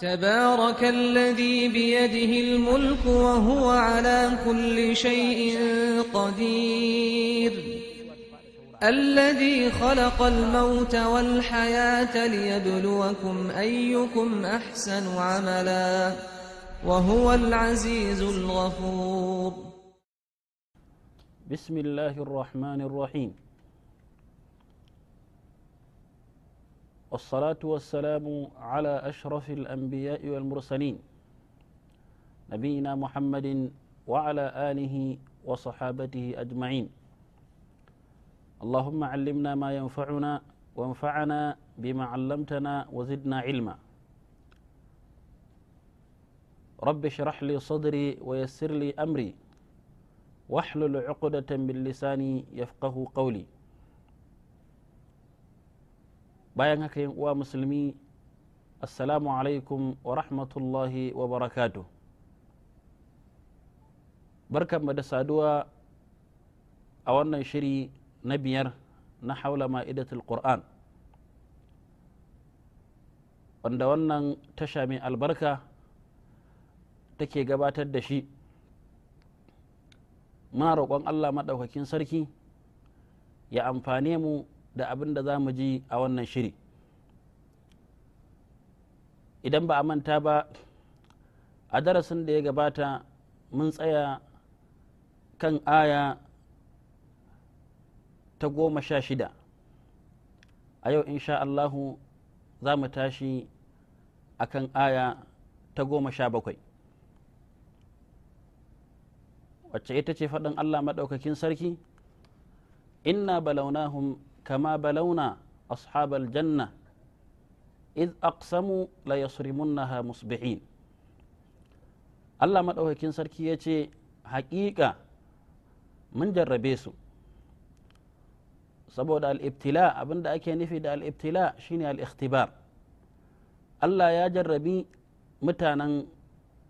تبارك الذي بيده الملك وهو على كل شيء قدير الذي خلق الموت والحياة ليبلوكم أيكم أحسن عملا وهو العزيز الغفور بسم الله الرحمن الرحيم والصلاة والسلام على أشرف الأنبياء والمرسلين نبينا محمد وعلى آله وصحابته أجمعين اللهم علمنا ما ينفعنا وانفعنا بما علمتنا وزدنا علما رب اشرح لي صدري ويسر لي أمري واحلل عقدة من لساني يفقه قولي bayan haka yin uwa musulmi assalamu alaikum wa rahmatullahi wa barakatu barkanmu da saduwa a wannan shiri na biyar na haula ma'idatul qur'an wanda wannan tasha mai albarka take gabatar da shi muna roƙon allah maɗaukakin sarki ya amfane mu da abin da za mu ji a wannan shiri idan ba a manta ba a darasin da ya gabata mun tsaya kan aya ta goma sha shida a yau insha Allahu za mu tashi a kan aya ta goma sha bakwai wacce ita ce faɗin Allah maɗaukakin sarki inna balaunahum كما بلونا أصحاب الجنة إذ أقسموا ليصرمنها مصبحين Allah maɗaukakin sarki ya ce haƙiƙa mun jarrabe su saboda al'ibtila abinda ake nufi da al'ibtila shine al'ikhtibar Allah ya jarrabi mutanen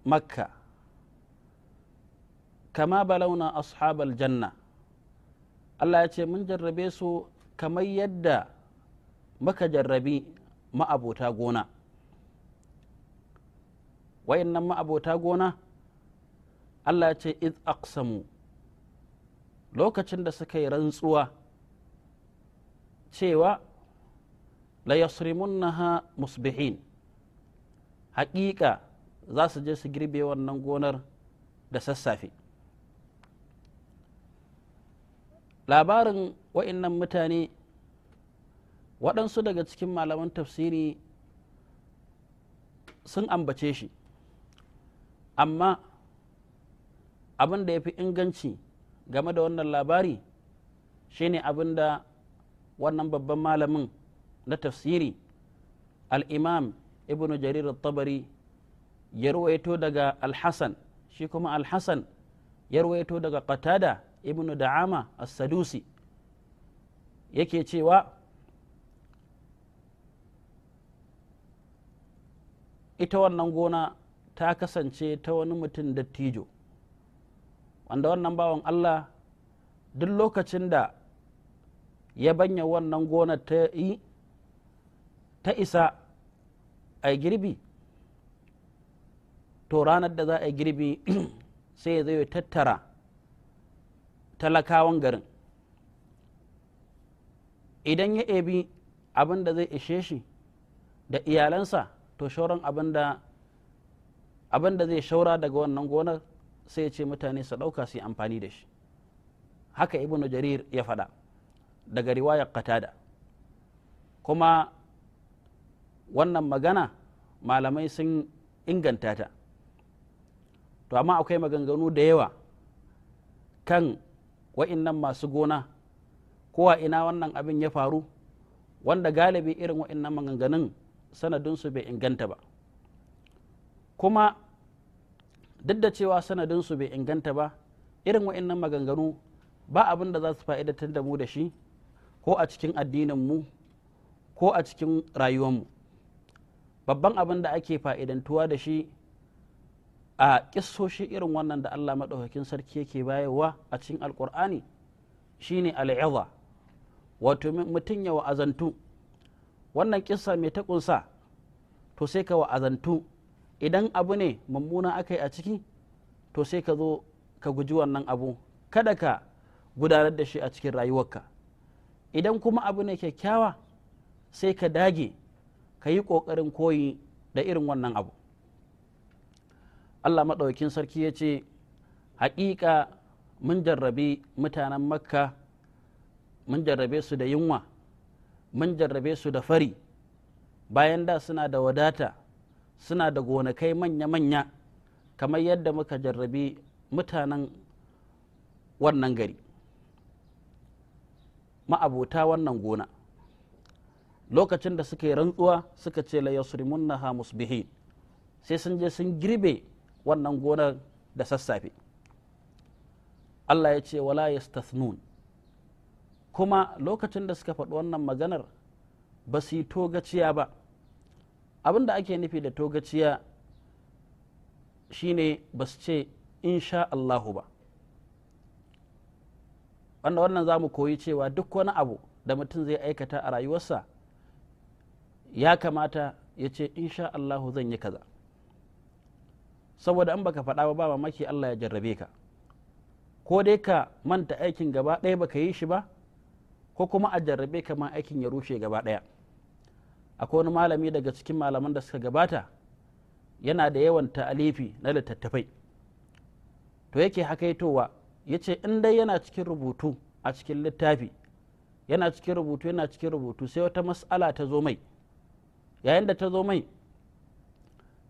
makka kama balauna ashabal janna Allah ya ce mun jarrabe su kamar yadda muka jarrabi ma'abota gona wayannan ma'abota gona Allah ya ce iz aqsamu lokacin da suka yi rantsuwa cewa la yasrimunnaha musbihin haƙiƙa za su je su girbe wannan gonar da sassafe labarin wa'innan mutane waɗansu daga cikin malaman tafsiri sun ambace shi amma abin da ya fi inganci game da wannan labari shine abin da wannan babban malamin na tafsiri al'imam ibn jarir tabari ya ruwaito daga alhassan shi kuma alhassan ya ruwaito daga qatada ibn da'ama as-sadusi yake cewa ita wannan gona ta kasance ta wani mutum dattijo wanda wannan bawan allah duk lokacin da ya banya wannan gona ta yi ta isa a girbi to ranar da za a girbi sai zai tattara talakawan garin idan ya ebi abin da zai ishe shi da iyalansa to shauran abin da zai shaura daga wannan gonar sai ya ce mutane su ɗauka su yi amfani da shi haka ibn jarir ya faɗa daga riwayar qatada kuma wannan magana malamai sun inganta ta to amma akwai maganganu da yawa kan wa'innan masu gona ko a ina wannan abin ya faru wanda galibi irin waɗannan maganganun sanadinsu bai inganta ba kuma duk da cewa sanadinsu bai inganta ba irin waannan maganganu ba abin da za su fa'idatar da mu da shi ko a cikin mu, ko a cikin mu? babban abin da ake fa'idantuwa da shi a ƙissoshi irin wannan da Allah maɗaukakin sarki yake bayarwa a cikin alƙur'ani shine al'iza wato mutum ya wa'azantu wannan kissa mai ta kunsa to sai ka wa'azantu idan abu ne mummuna aka yi a ciki to sai ka zo ka guji wannan abu kada ka gudanar da shi a cikin rayuwarka idan kuma abu ne kyakkyawa sai ka dage ka yi ƙoƙarin koyi da irin wannan abu allah maɗaukin sarki ya ce haƙiƙa mun jarrabi mutanen makka mun jarrabe su da yunwa mun jarrabe su da fari bayan da suna da wadata suna da gonakai manya-manya kamar yadda muka jarrabe mutanen wannan gari ma'abota wannan gona lokacin da suka yi rantsuwa suka ce la Hamus musbihin sai sun je sun girbe wannan gonar da sassafe Allah ya ce wala yastathnun kuma lokacin da suka faɗi wannan maganar ba su yi togaciya ba abin da ake nufi da togaciya shine ba su ce insha Allahu ba wanda wannan za mu koyi cewa duk wani abu da mutum zai aikata a rayuwarsa ya kamata ya ce insha Allahu zan yi kaza saboda an baka faɗa ba ba mamaki Allah ya jarrabe ka ko dai ka manta aikin gaba ɗaya baka yi shi ba ko kuma a jarrabe kamar aikin ya rushe gaba ɗaya akwai wani malami daga cikin malaman da suka gabata yana da yawan ta'alifi na littattafai to yake hakaitowa ya ce in dai yana cikin rubutu a cikin littafi yana cikin rubutu yana cikin rubutu sai wata mas'ala ta zo mai yayin da ta zo mai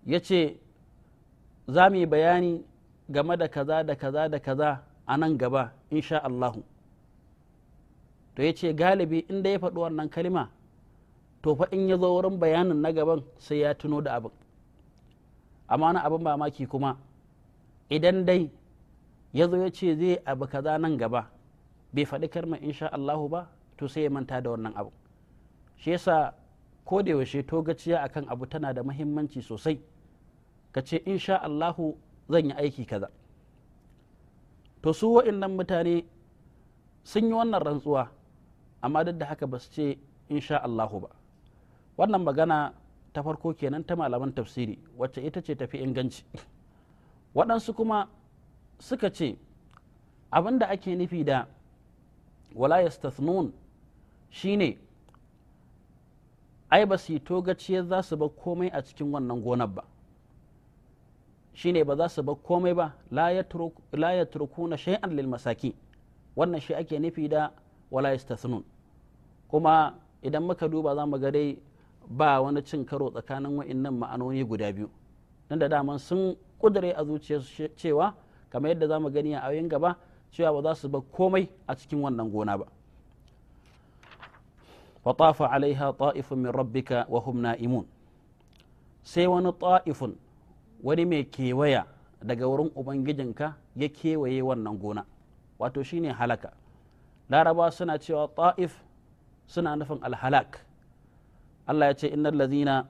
ya ce za mu yi bayani game da kaza da kaza da kaza a nan gaba insha Allahu to ya ce galibi inda ya faɗi wannan kalima to fa in ya zo wurin bayanin na gaban sai ya tuno da abin amma na abin mamaki kuma idan dai ya zo ya ce zai abu kaza nan gaba bai faɗi karma insha Allah ba to sai ya manta da wannan abu shi yasa ko da yaushe to gaciya akan abu tana da muhimmanci sosai ka ce insha Allahu zan yi aiki kaza to su wa'annan mutane sun yi wannan rantsuwa amma duk da haka ba su ce insha Allahu ba wannan magana ta farko kenan ta malaman tafsiri wacce ita ce tafi inganci waɗansu kuma suka ce abin da ake nufi da wala yastathnun shine ai ba su yi togaciyar za su ba komai a cikin wannan gonar ba shine ba za su ba komai ba la yatrukuna shay'an lil masaki wannan shi ake nufi da wala yastathnun kuma idan muka duba za mu ga dai ba wani cin karo tsakanin wa'annan ma'anoni guda biyu nan da daman sun kudure a zuciyarsu cewa kamar yadda za mu gani a yayin gaba cewa ba za su ba komai a cikin wannan gona ba alaiha ta'ifun min rabbika wa hum na'imun sai wani ta'ifun wani mai kewaya daga wurin ubangijinka ya kewaye wannan gona wato shine halaka laraba suna cewa ta'if suna nufin alhalak Allah ya ce innal ladzina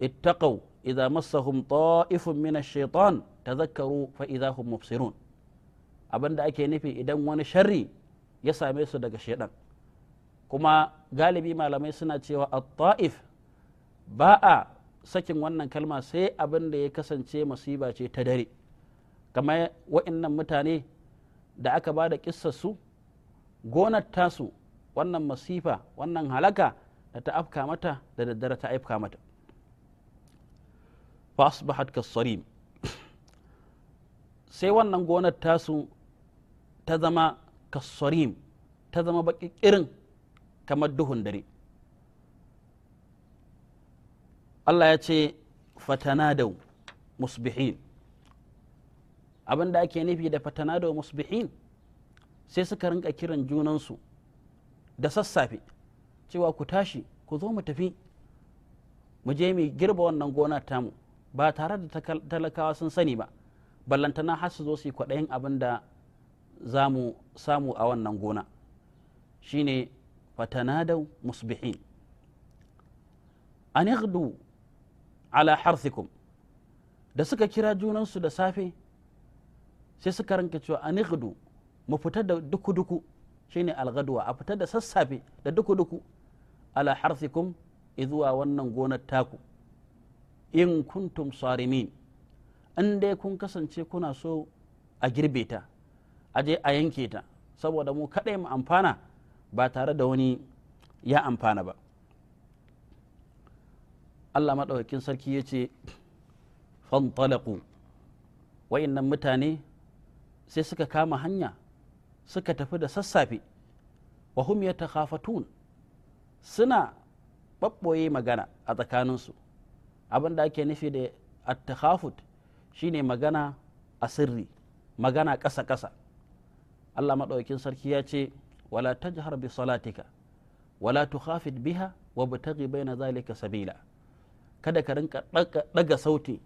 ittaqaw idza massahum ta'ifun min ash-shaytan tadhakkaru fa idza hum mubsirun abinda ake nufi idan wani sharri ya same su daga shaiɗan. kuma galibi malamai suna cewa at-ta'if ba a sakin wannan kalma sai abin da ya kasance masiba ce ta dare kamar wa'innan mutane da aka ba da su gonar tasu wannan masifa wannan halaka da ta afka mata da daddare ta afka mata fa asbahat sai wannan gonar tasu ta zama kasarim ta zama baƙiƙirin kamar duhun dare Allah ya ce fatanadau musbihin abin da ake nufi da fatanadau musbihin sai suka rinka kiran junansu da sassafe cewa ku tashi ku zo mu tafi mu je mu girba wannan gona tamu ba tare da talakawa sun sani ba ballantana har su zo su yi kwaɗayin abin da za mu samu a wannan gona shine fatanadau musbihin an ala harthikum da suka kira junansu da safe sai suka rinka cewa an mu fita da duku-duku shine algadwa a fitar da sassafe da duku duku ala harsikum izuwa wannan gonar taku in kuntum sarimin in dai kun kasance kuna so a girbe ta a je a yanke ta saboda mu kaɗai mu amfana ba tare da wani ya amfana ba Allah maɗaukakin sarki ya ce fantalaku wa'innan mutane sai suka kama hanya suka tafi da sassafe wa hum yatakhafatun suna babboye magana a tsakaninsu abin da ake nufi da attakhafut shine magana a sirri magana ƙasa-ƙasa Allah maɗaukin sarki ya ce wala tajhar bi salatika wala tukhafit biha wa butaghi baina zalika sabila kada ka rinka daga sauti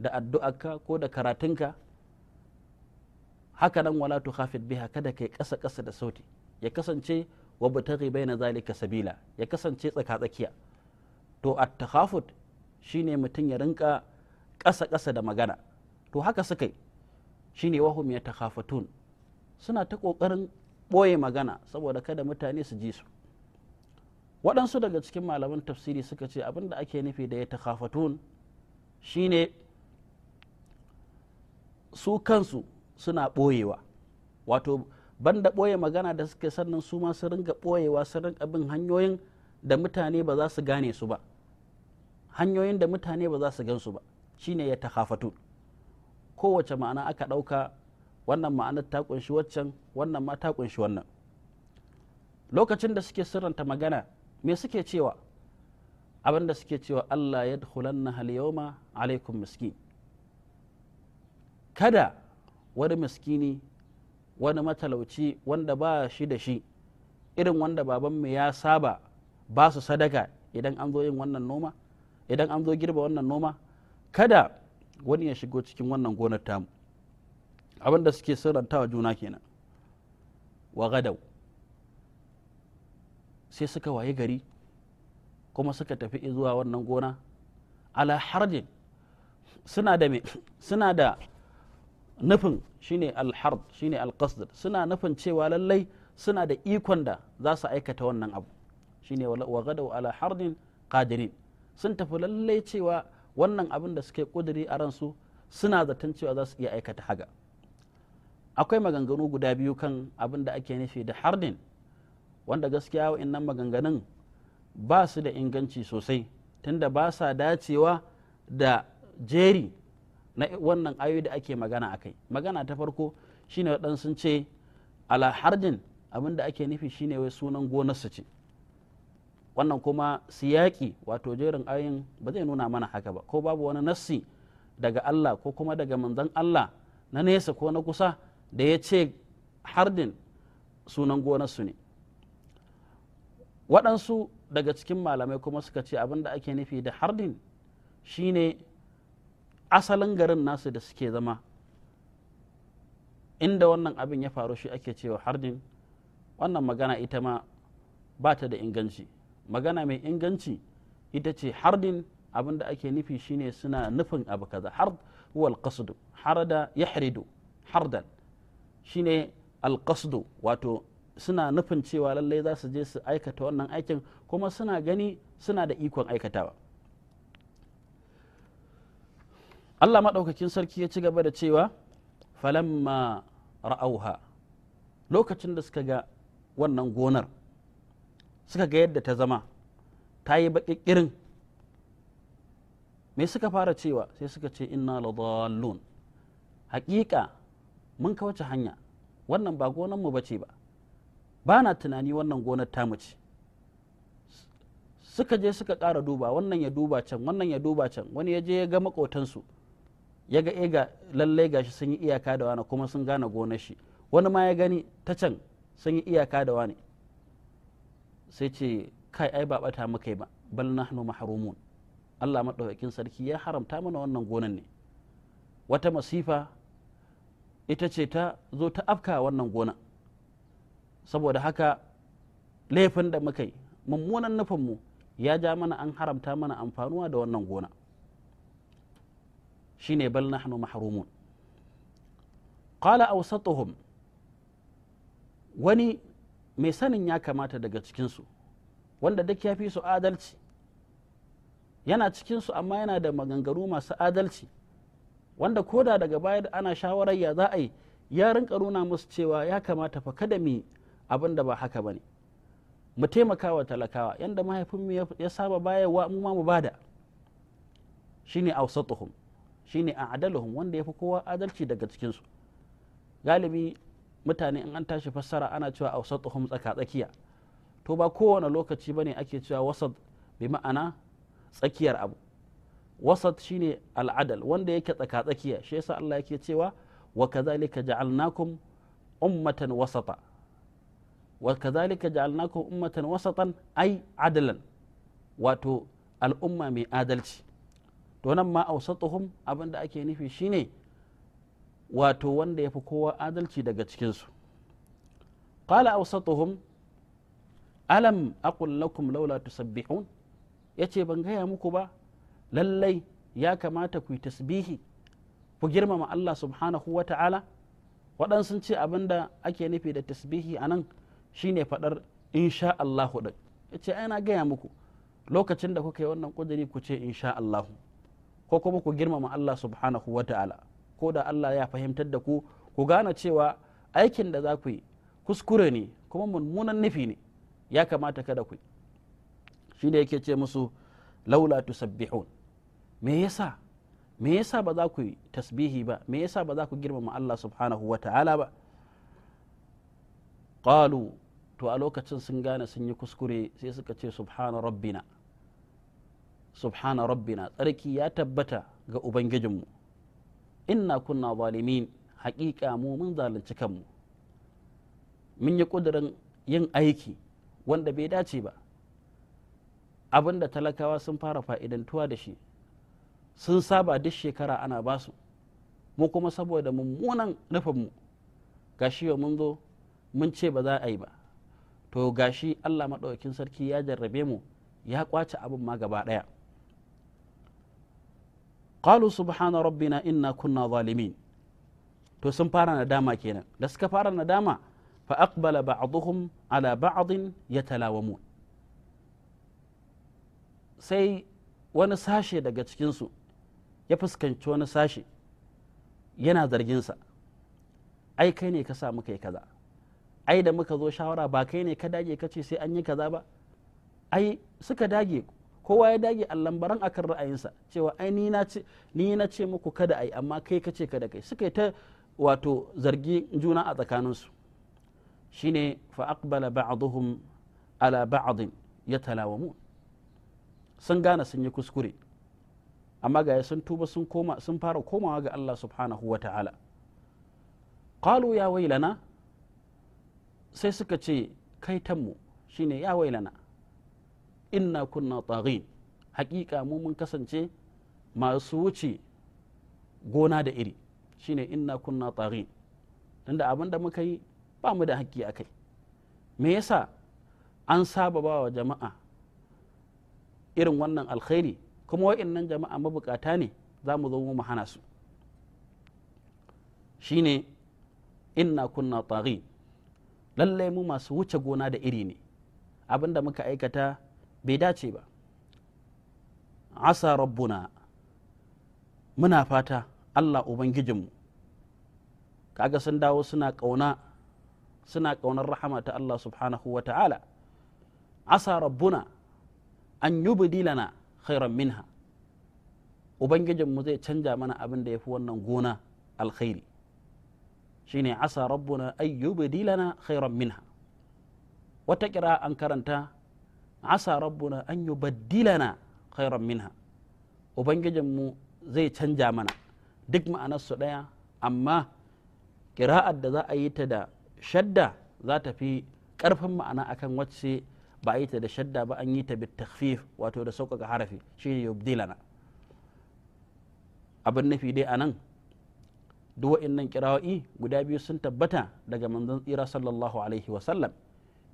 da addu'arka ko da karatunka haka nan wala khafid biha kada kai kasa kasa da sauti ya kasance wa butaghi baina zalika sabila ya kasance tsaka tsakiya to at takhafud shine mutum ya rinka kasa kasa da magana to haka suka yi shine wahum ya takhafatun suna ta kokarin boye magana saboda kada mutane su ji su waɗansu daga cikin malaman tafsiri suka ce abin da ake nufi da ya takhafatun shine su kansu suna ɓoyewa wato ban da ɓoye magana da suke sannan su ma su ringa ɓoyewa su ringa bin hanyoyin da mutane ba za su gane su ba hanyoyin da mutane ba za su gan su ba shine ya hafatu kowace ma'ana aka ɗauka wannan ma'anar ta ƙunshi waccan wannan ma ta ƙunshi wannan lokacin da suke sirranta magana me suke cewa abin da suke cewa Allah ya dukulanna halyoma alaikum miskin kada wani miskini wani matalauci wanda ba shi da shi irin wanda babanmu ya saba ba su sadaka idan an zo yin wannan noma idan an zo girba wannan noma kada wani ya shigo cikin wannan gonar tamu abinda suke sirrantawa juna kenan wa gadau sai suka waye gari kuma suka tafi zuwa wannan gona ala harjin suna da nufin shine alhard shine alqasd suna nufin cewa lallai suna da ikon da za su aikata wannan abu shine wa gadau ala hardin qadirin sun tafi lallai cewa wannan abin da suke kudiri a ransu suna zaton cewa za su iya aikata haga akwai maganganu guda biyu kan abin da ake nufi da hardin wanda gaskiya wa'annan maganganun ba su da inganci sosai tunda ba sa dacewa da jeri na wannan ayoyi da ake magana a kai magana ta farko shine waɗansu ce ala harjin abin da ake nufi shine wai sunan su ce wannan kuma siyaki wato jerin ayoyin ba zai nuna mana haka ba ko babu wani nassi daga Allah ko kuma daga manzon Allah na nesa ko na kusa da ya ce hardin sunan gonarsu ne waɗansu daga cikin malamai kuma suka ce abin da ake nufi da hardin shine asalin garin nasu da suke zama inda wannan abin ya faru shi ake cewa hardin wannan magana ita ma ba ta da inganci magana mai inganci ita ce hardin abin da ake nufi shine suna nufin abu kaza hard huwa alqasdu harada yahridu hardan shine alkasdu wato suna nufin cewa lallai za su je su aikata wannan aikin kuma suna gani suna da ikon aikatawa Allah maɗaukakin sarki ya ci gaba da cewa falamma ra'auha lokacin da suka ga wannan gonar suka ga yadda ta zama ta yi baƙiƙirin me suka fara cewa sai suka ce inna ladallun haƙiƙa mun kauce hanya wannan ba gonar mu bace ba ba na tunani wannan gonar ta ce suka je suka ƙara duba wannan ya duba can wannan ya duba can wani ya je ya ga maƙotansu ya ga ega eh, lallai gashi sun yi iyaka da wani kuma sun gane gonar shi wani ma ya gani ta can sun yi iyaka da wani sai ce kai ai ba bata muka ba bal nahnu mahrumun Allah madaukakin sarki ya haramta mana wannan gonan ne wata masifa ita ce ta zo ta afka wannan gona saboda haka laifin da muka yi mummunan nufinmu ya ja mana an haramta mana amfanuwa da wannan gona shine bal nahnu mahrumun qala awsatuhum wani mai sanin ya kamata daga cikinsu wanda duk ya fi su adalci yana cikinsu amma yana da maganganu masu adalci wanda koda daga baya ana shawarar ya za a yi ya rinka nuna musu cewa ya kamata fa kada mu abin da ba haka ba ne mu taimaka wa talakawa yadda mahaifinmu ya saba bayarwa mu ma mu bada shine ausatuhum shine a adaluhum wanda ya fi kowa adalci daga cikinsu galibi mutane in an tashi fassara ana cewa a awsatuhum tsaka tsakiya to ba kowane lokaci ba ne ake cewa wasat bi ma'ana tsakiyar abu wasat shine al'adal wanda yake tsaka tsakiya shi yasa Allah yake cewa wa kadhalika ja'alnakum ummatan wasata wa kadhalika ja'alnakum ummatan wasatan ai adalan wato al'umma mai adalci to nan ma ausatuhum abin da ake nufi shine wato wanda ya fi kowa adalci daga cikinsu qala ausatuhum alam aqul lakum laula tusabbihun yace ban gaya muku ba lallai ya kamata ku yi tasbihi ku girmama Allah subhanahu wa ta'ala waɗansu ce abin da ake nufi da tasbihi anan shine faɗar insha Allahu ɗin yace ai na gaya muku lokacin da kuka yi wannan kudiri ku ce insha Allahu ko kuma ku girmama Allah subhanahu wa ta'ala ko da Allah ya fahimtar da ku ku gane cewa aikin da za ku yi kuskure ne kuma mummunan nufi ne ya kamata kada ku shi ne yake ce musu laula tusabbihun me yasa me yasa ba za ku yi tasbihi ba me yasa ba za ku girmama Allah subhanahu wa ta'ala ba qalu to a lokacin sun gane sun yi kuskure sai suka ce subhana rabbina subhana rabbina tsarki ya tabbata ga ubangijinmu inna kunna zalimin haƙiƙa mu mun zalunci kanmu mun yi ƙudurin yin aiki wanda bai dace ba abin da talakawa sun fara fa'idantuwa da shi sun saba duk shekara ana basu mu kuma saboda mummunan nufinmu gashi yau mun zo mun ce ba za a yi ba to gashi allah maɗaukin sarki ya jarrabe mu ya kwace abin ma gaba ɗaya qalu subhana rabbina inna kunna zalumin. to sun fara nadama kenan da suka fara nadama fa aqbala ba'dhum ala ya yatalawamun sai wani sashe daga cikinsu ya fuskanci wani sashe yana zarginsa ai kai ne ka sa muka kaza ai da muka zo shawara ba kai ne ka dage ka sai an yi kaza ba ai suka dage kowa ya dage allambaran akan ra'ayinsa cewa ai ni na ce muku kada ai amma kai ka ce kada kai suka ta wato zargi juna a tsakaninsu shine fa aqbala ba'dhum ala ba'd yatalawamun sun gane sun yi kuskure amma ga sun tuba sun koma sun fara komawa ga Allah subhanahu wa ta'ala qalu ya wailana sai suka ce kai tanmu shine ya wailana inna kunna taghin hakika mu mun kasance masu wuce gona da iri shine inna kunna taghin tunda abin da muka yi ba mu da hakki akai me yasa an saba ba wa jama'a irin wannan alkhairi kuma wa'annan jama'a mabukata ne za mu zo mu hana su shine inna kunna taghin lallai mu masu wuce gona da iri ne Abin da muka aikata bai dace ba asa rabbuna muna fata allah ubangijinmu kaga sun dawo suna ƙauna suna ƙaunar rahama ta allah subhanahu wa ta'ala asa rabbuna an yubdi lana khairan minha ubangijinmu zai canja mana abin da ya fi wannan gona alkhairi shine asa rabbuna an yubdi lana khairan minha wata kira an karanta asa rabbuna an baddilana khairan minha ubangijinmu zai canja mana duk ma'anarsu ɗaya amma ƙira'ar da za a yi ta da shadda za ta fi ƙarfin ma'ana akan wacce ba a yi ta da shadda ba an yi ta bitakhfif wato da sauƙaƙa harafi shi ne yubdilana abin nufi dai a nan duk wa'innan kira'o'i guda biyu sun tabbata daga manzon tsira sallallahu alaihi wasallam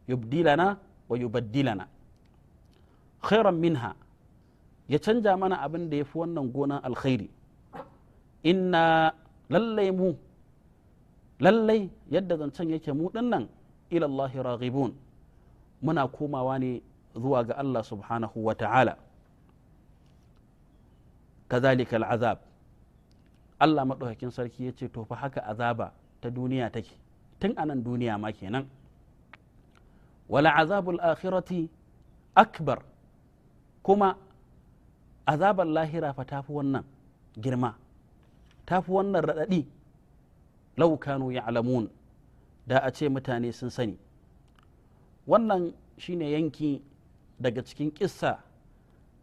yubdilana wa yubaddilana khairan minha ya canja mana abin da ya fi wannan gonan alkhairi inna lallai mu lallai yadda zancen yake mu dinnan ilallahi raghibun muna komawa ne zuwa ga Allah subhanahu wa ta'ala kazalika al'azab Allah maɗaukakin sarki ya ce to haka azaba ta duniya take tun anan duniya ma kenan wala azabul akhirati akbar kuma azabar lahira fa tafi wannan girma tafi wannan raɗaɗi laukanu ya alamun da a ce mutane sun sani wannan shine yanki daga cikin ƙissa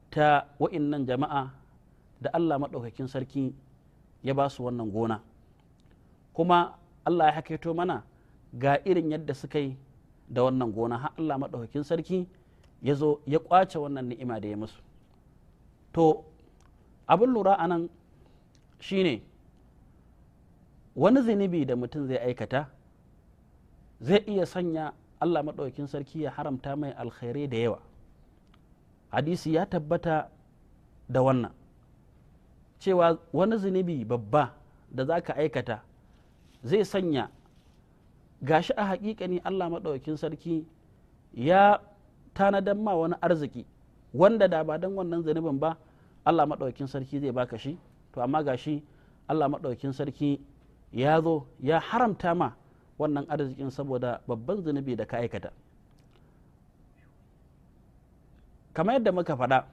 ta wa'innan jama'a da allah maɗaukakin sarki ya ba su wannan gona kuma allah ya hakaito mana ga irin yadda suka yi da wannan gona har allah maɗaukakin sarki ya zo ya kwace wannan ni'ima da ya musu to abin lura a nan ne wani zinibi da mutum zai aikata zai iya sanya allah maɗaukin sarki ya haramta mai alkhairai da yawa hadisi ya tabbata da wannan cewa wani zinibi babba da za ka aikata zai sanya gashi a hakika ne allah maɗaukin sarki ya tanadan ma wani arziki wanda da ba don wannan zunubin ba Allah maɗaukin sarki zai baka shi to amma gashi Allah maɗaukin sarki ya zo ya haramta ma wannan arzikin saboda babban zunubi da ka aikata kama yadda muka faɗa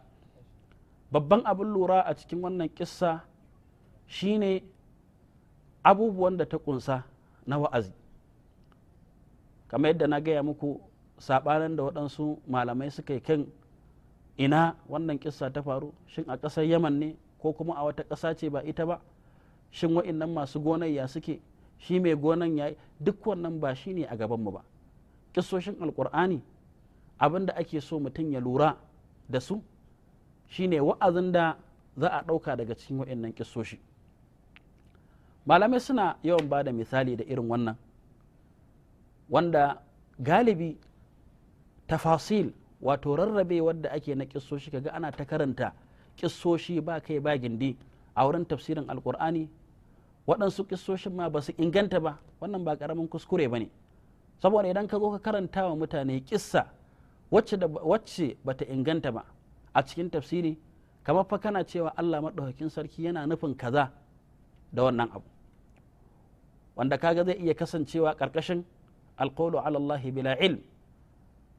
babban abin lura a cikin wannan kissa shine abubuwan da ta ƙunsa na wa'azi kamar yadda na gaya muku sabanin da waɗansu malamai suka yi kan ina wannan kissa ta faru shin a ƙasar yaman ne ko kuma a wata ƙasa ce ba ita ba shin wa'innan masu gonan ya suke shi mai gonan ya duk wannan ba shi ne a gabanmu ba ƙissoshin alƙur'ani abin da ake so mutum ya lura da su shine wa'azin da za a ɗauka daga cikin wa'innan ƙissoshi malamai suna yawan ba da misali da irin wannan wanda galibi tafasil wato rarrabe wadda ake na kissoshi kaga ana ta karanta kissoshi ba kai ba gindi a wurin tafsirin alkur'ani waɗansu kissoshin ma ba su inganta ba wannan ba karamin kuskure ba ne saboda idan ka zo ka karanta wa mutane kissa wacce ba ta inganta ba a cikin tafsiri kamar fa kana cewa allah maɗaukakin sarki yana nufin kaza da wannan abu wanda kaga zai iya kasancewa ƙarƙashin alƙawlu ala allahi bila ilm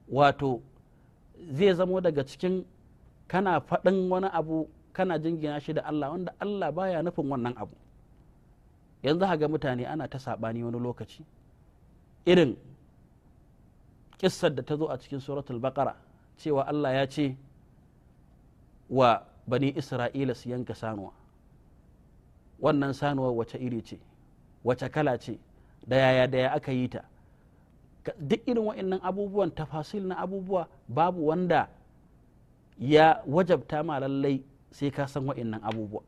wato zai zamo daga cikin kana faɗin wani abu kana jingina shi da Allah wanda Allah baya nufin wannan abu yanzu haga mutane ana ta saɓani wani lokaci irin kissar da ta zo a cikin suratul baqara cewa Allah ya ce wa bani isra'ila su yanka sanuwa wannan sanuwa wace iri ce wace kala ce da yaya da ya aka yi ta duk irin wa'annan abubuwan tafasil na abubuwa babu wanda ya wajabta ma lallai sai ka san wa'annan abubuwa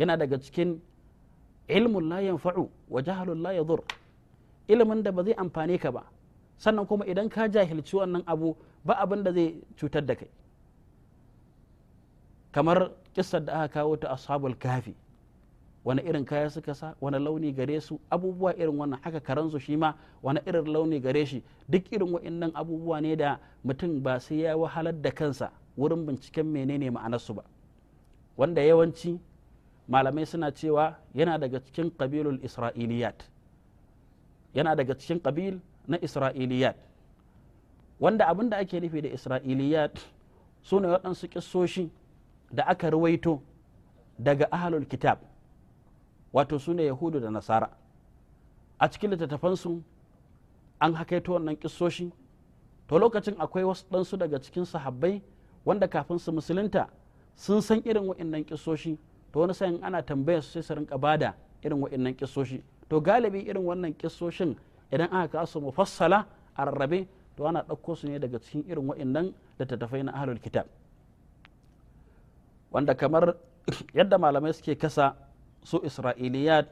yana daga cikin ilmun la yanfa'u wa jahalun la yadur ilimin da ba zai amfane ka ba sannan kuma idan ka jahilci wannan abu ba abin da zai cutar da kai kamar kissar da aka kawo ta ashabul kafi wani irin kaya suka sa wani launi gare su abubuwa irin wannan haka karansu shi ma wani irin launi gare shi duk irin wa'annan abubuwa ne da mutum ba sai ya wahalar da kansa wurin binciken menene ma'anarsu ba wanda yawanci malamai suna cewa yana daga cikin ƙabilul isra'iliyat yana daga cikin ƙabil na isra'iliyat wanda abin da ake nufi da isra'iliyat su ne waɗansu ƙissoshi da aka ruwaito daga ahalul kitab wato su ne yahudu da nasara a cikin littattafansu an hakaito wannan kissoshi to lokacin akwai wasu ɗansu daga cikin sahabbai wanda kafin su musulunta sun san irin wa'innan kissoshi to wani sayin ana tambaya su sai su rinka bada irin wa'innan kissoshi to galibi irin wannan kissoshin idan aka kasu mufassala a rarrabe to ana ɗauko su ne daga cikin irin wa'innan littattafai na ahlul kitab wanda kamar yadda malamai suke kasa su isra'iliyat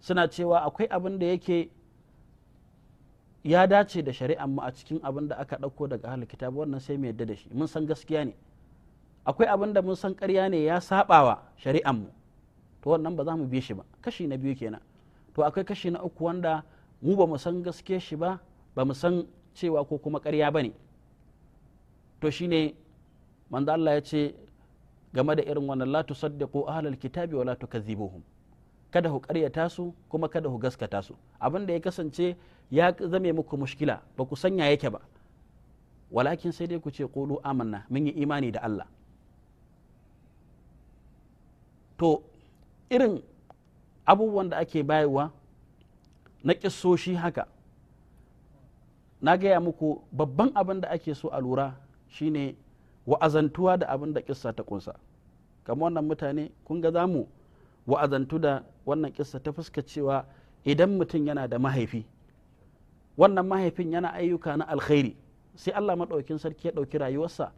suna cewa akwai abin da yake ya dace da shari'an mu a cikin abin da aka ɗauko daga ahlul kitab wannan sai mu yadda da shi mun san gaskiya ne akwai abin da mun san ƙarya ne ya saɓawa shari'an mu to wannan ba za mu bi shi ba kashi na biyu kenan to akwai kashi na uku wanda mu ba mu san gaske shi ba ba mu san cewa ko kuma karya ba ne to shine manzo Allah ya ce game da irin wannan la tusaddiqu ahlal kitabi wa la kada ku karyata su kuma kada ku gaskata su abin da ya kasance ya zame muku mushkila ba ku sanya yake ba walakin sai dai ku ce qulu amanna mun yi imani da Allah to irin abubuwan da ake bayarwa na kissoshi haka na gaya muku babban abin da ake so a lura shine wa'azantuwa da abin da kissa ta kunsa kamar wannan mutane kun ga zamu wa'azantu da wannan kisa ta fuska cewa idan mutum yana da mahaifi wannan mahaifin yana ayyuka na alkhairi sai Allah maɗaukin sarki ya ɗauki rayuwarsa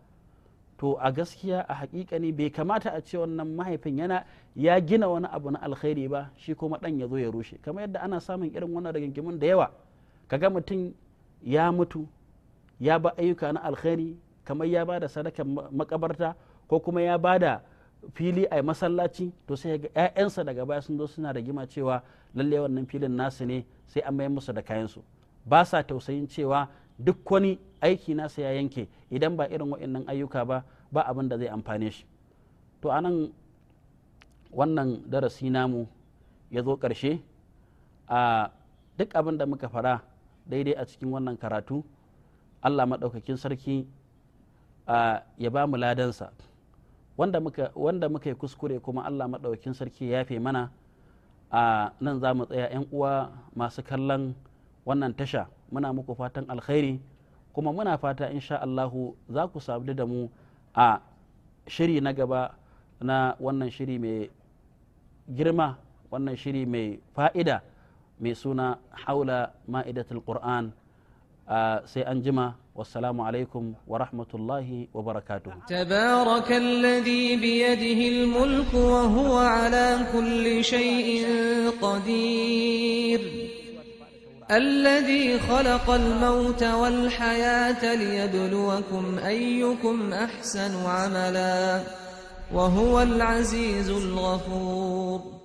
to a gaskiya a haƙiƙa ne bai kamata a ce wannan mahaifin yana ya gina wani abu na alkhairi ba shi kuma ɗan ya zo ya rushe kamar yadda ana samun irin wannan rigingimin da yawa kaga mutum ya mutu ya ba ayyuka na alkhairi kamar ya ba da sadakar makabarta ko kuma ya ba da fili a masallaci to sai ga 'ya'yansa daga baya sun zo suna da gima cewa lalle wannan filin nasu ne sai an mayar musu da kayansu ba sa tausayin cewa duk wani aiki nasa ya yanke idan ba irin waɗannan ayyuka ba ba abin da zai amfane shi to anan wannan darasi namu ya zo ƙarshe a duk abin da muka fara daidai a cikin wannan karatu allah maɗaukakin sarki ya ba mu ladansa wanda muka wanda yi kuskure kuma Allah maɗaukin sarki ya yafe mana a nan za mu tsaya 'yan uwa masu kallon wannan tasha muna muku fatan alkhairi kuma muna fata insha Allah za ku sabu da mu a shiri na gaba na wannan shiri mai girma wannan shiri mai fa'ida mai suna haula ma'idatul qur'an آه، سي أنجما والسلام عليكم ورحمة الله وبركاته تبارك الذي بيده الملك وهو على كل شيء قدير الذي خلق الموت والحياة ليبلوكم أيكم أحسن عملا وهو العزيز الغفور